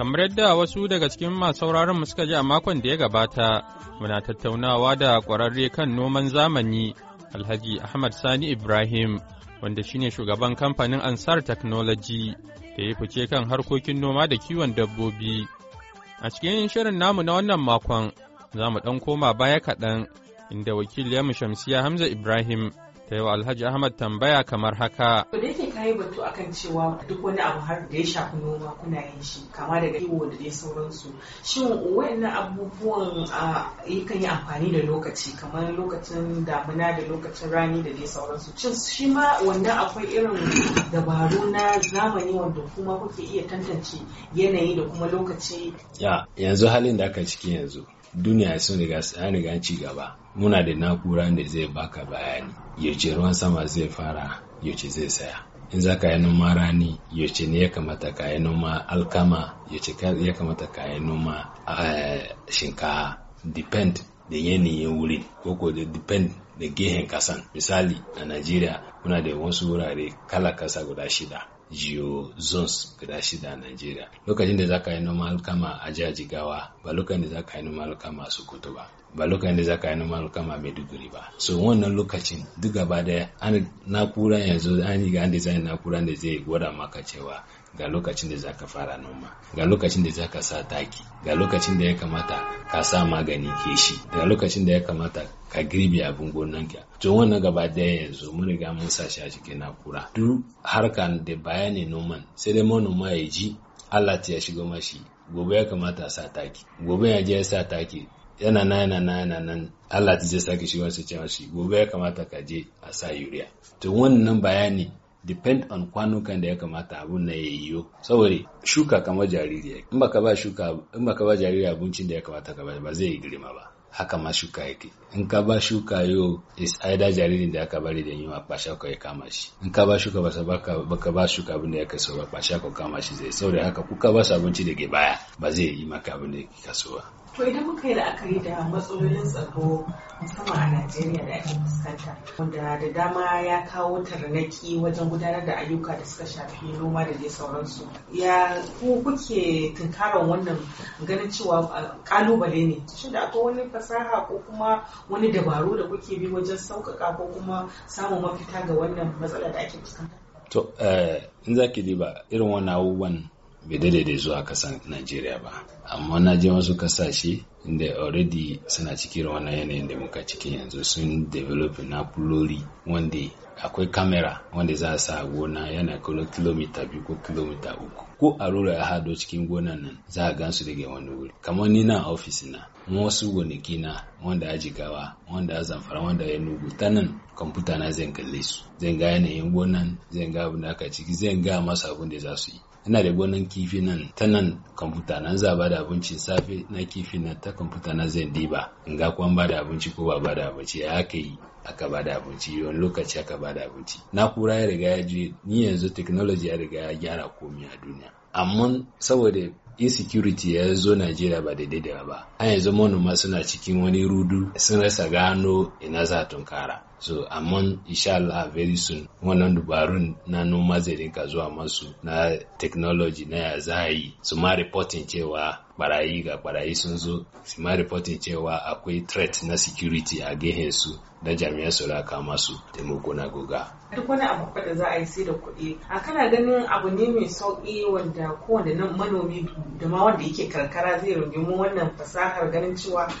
kamar yadda wasu daga cikin masu sauraron mu suka ji a makon da ya gabata muna tattaunawa da kwararre kan noman zamani alhaji ahmad sani ibrahim wanda shine shugaban kamfanin ansar technology da ya fice kan harkokin noma da kiwon dabbobi a cikin shirin namu na wannan makon za mu ɗan koma baya kaɗan inda mu shamsiya hamza ibrahim ta yi wa alhaji ahmad tambaya kamar haka ka yi batu akan cewa duk wani abu har da ya shafi noma kuna yin shi kama daga kiwo da dai sauransu shin wayannan abubuwan yakan yi amfani da lokaci kamar lokacin damuna da lokacin rani da dai sauransu shin shi ma wanda akwai irin dabaru na zamani wanda kuma kuke iya tantance yanayi da kuma lokaci ya yanzu halin da aka ciki yanzu duniya sun riga an riga ci gaba muna da nakura da zai baka bayani yace ruwan sama zai fara yace zai saya in za ka yi noma rani yace ne ya kamata ka yi noma alkama yace ya kamata ka yi noma eh, shinkafa depend da yanayin wuri ko ko da depend da gehen kasan misali a nigeria muna da wasu wurare kala kasa guda shida geo zones guda shida a nigeria Lokacin da za ka yi noma alkama a jihar Jigawa ba lokacin da za ka yi noma alkama a Sokoto ba. ba lokacin da ka yi noman alkama maiduguri ba so wannan lokacin duk gaba da an nakura yanzu an yi ga an design nakura da zai gwada maka cewa ga lokacin da ka fara noma ga lokacin da ka sa taki ga lokacin da ya kamata ka sa magani shi ga lokacin da ya kamata ka girbe abin ka to wannan gaba daya yanzu mun riga mun sa shi a cikin nakura duk harkan da bayani noman sai dai manoma ya ji Allah ya shigo mashi gobe ya kamata a sa taki gobe ya je ya sa taki yana na yana na yana nan Allah zai sake shi wasu cewa shi gobe ya kamata ka je a sa yuriya to wannan bayani depend on kwanukan da ya kamata abun na ya yiwu saboda shuka kamar jariri in baka ba shuka in baka ba jariri abincin da ya kamata ka ba ba zai yi girma ba haka ma shuka yake in ka ba shuka yau is aida jaririn da aka bari da yunwa kwasha ka ya kama shi in ka ba shuka ba baka baka ba shuka abin da ya kaso ba kwasha ka kama shi zai saboda haka kuka ba su abinci da ke baya ba zai yi maka abin da ya kaso ba To idan muka yi la'akari da matsalolin tsaro musamman a Najeriya da ake fuskanta wanda da dama ya kawo tarnaki wajen gudanar da ayyuka da suka shafi noma da dai sauransu. Ya ku kuke tunkaran wannan ganin cewa kalubale ne. Shin da akwai wani fasaha ko kuma wani dabaru da kuke bi wajen sauƙaƙa ko kuma samun mafita ga wannan matsala da ake fuskanta? To eh, in za ki diba irin wannan abubuwan bai daidai zuwa kasan Najeriya ba amma na je wasu kasashe inda already suna cikin wannan yanayin da muka ciki yanzu sun develop na fulori wanda akwai kamera wanda za a sa gona yana kilo kilomita biyu ko kilomita uku ko a rura ya hado cikin gonan nan za a gansu daga wani wuri kamar ni na ofis na wasu gonaki na wanda ya jigawa wanda ya zamfara wanda ya nugu ta nan kwamfuta na zan kalle su zan ga yanayin gonan zan ga abin da aka ciki zan ga masu abin da za su yi ina da gonan kifi nan ta nan kwamfuta nan za ba da abinci safe na kifi nan ta kwamfuta na zan diba in ga kuma ba da abinci ko ba ba da abinci ya aka yi aka ba da abinci wani lokaci aka ba da abinci kura ya riga ya je ni yanzu technology ya riga ya gyara komi a duniya amma saboda insecurity ya zo Najeriya ba daidai da ba. An yanzu manoma suna cikin wani rudu sun rasa gano ina za tunkara. So, amma insha Allah very soon wannan dubarun na noma zai rinka zuwa masu na technology na ya za yi su ma reporting cewa barayi ga barayi sun zo su ma reporting cewa akwai threat na security a gehen su da jami'an su raka masu taimako na goga. Duk wani abu da za a yi sai da kuɗi. A kana ganin abu ne mai sauƙi wanda kowane nan manomi da ma wanda yake karkara zai rungumi wannan fasahar ganin cewa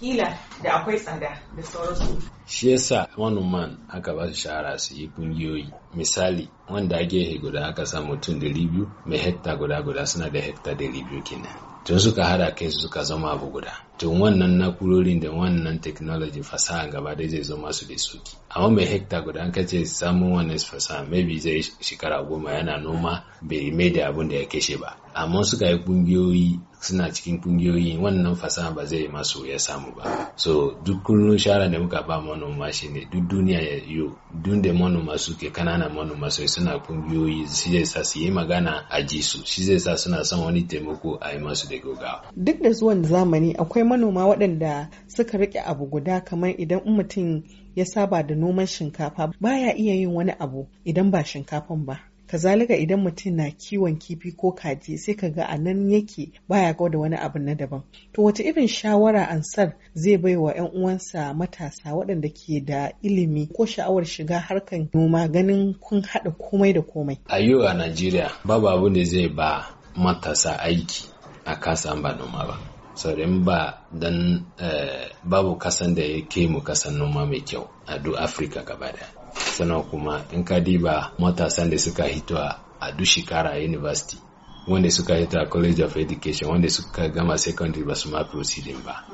kila da akwai tsada da sauransu. Shi yasa manoman aka ba su shahara su yi kungiyoyi. Misali, wanda ake gehe guda aka sa mutum dari biyu, mai hekta guda guda suna da hekta dari biyu kenan. Tun suka hada kai su suka zama abu guda. Tun wannan na'urorin da wannan technology fasaha gaba da zai zo masu da suki amma mai hekta guda an kace samun wannan fasaha maybe zai shekara goma yana noma bai mai da abin da ya kashe ba amma suka yi kungiyoyi suna cikin kungiyoyi wannan fasaha ba zai masu ya samu ba so duk kullum shara da muka ba manoma ne duk duniya ya yi duk da manoma suke kanana manoma sai suna kungiyoyi shi zai sa su yi magana a ji su shi zai sa suna son wani taimako a yi masu da gogawa duk da zuwan zamani akwai manoma waɗanda suka riƙe abu guda kamar idan mutum ya saba da noman shinkafa baya iya yin wani abu idan ba shinkafan ba kazalika idan mutum na kiwon kifi ko kaji sai ka ga a nan yake baya ga da wani abu na daban to wata irin shawara ansar zai bai wa 'yan uwansa matasa waɗanda ke da ilimi ko sha'awar shiga harkar noma ganin kun haɗa komai da komai a yau a najeriya babu abu ne zai ba matasa aiki a kasa ba noma ba saurin ba don eh, babu kasan da ya ke mu kasan noma mai kyau a duk afirka gaba da sannan kuma in ka diba matasan da suka hito a duk shekara a university wanda suka hito a college of education wanda suka gama secondary ba su ma proceeding ba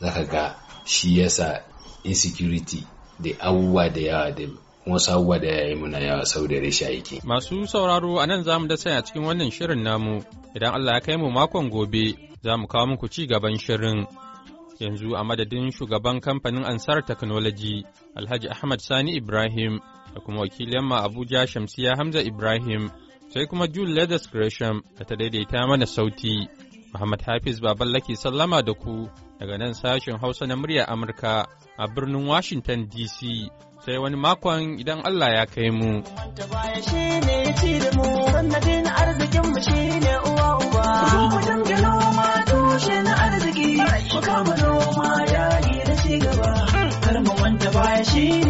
zaka ga shi yasa insecurity da abubuwa da yawa da wasu abubuwa da yayi muna yawa da rashin aiki masu sauraro a nan zamu da a cikin wannan shirin namu idan Allah ya kai mu makon gobe za mu kawo muku ci gaban shirin. Yanzu a madadin shugaban kamfanin Ansar Technology Alhaji Ahmad Sani Ibrahim da kuma wakilin ma Abuja Shamsiya Hamza Ibrahim sai kuma Jude Leathers Gresham da ta daidaita mana sauti. Muhammad Hafiz ke sallama da ku daga nan sashen Hausa na murya Amurka a birnin Washington DC sai wani makon idan Allah ya kai mu. Shi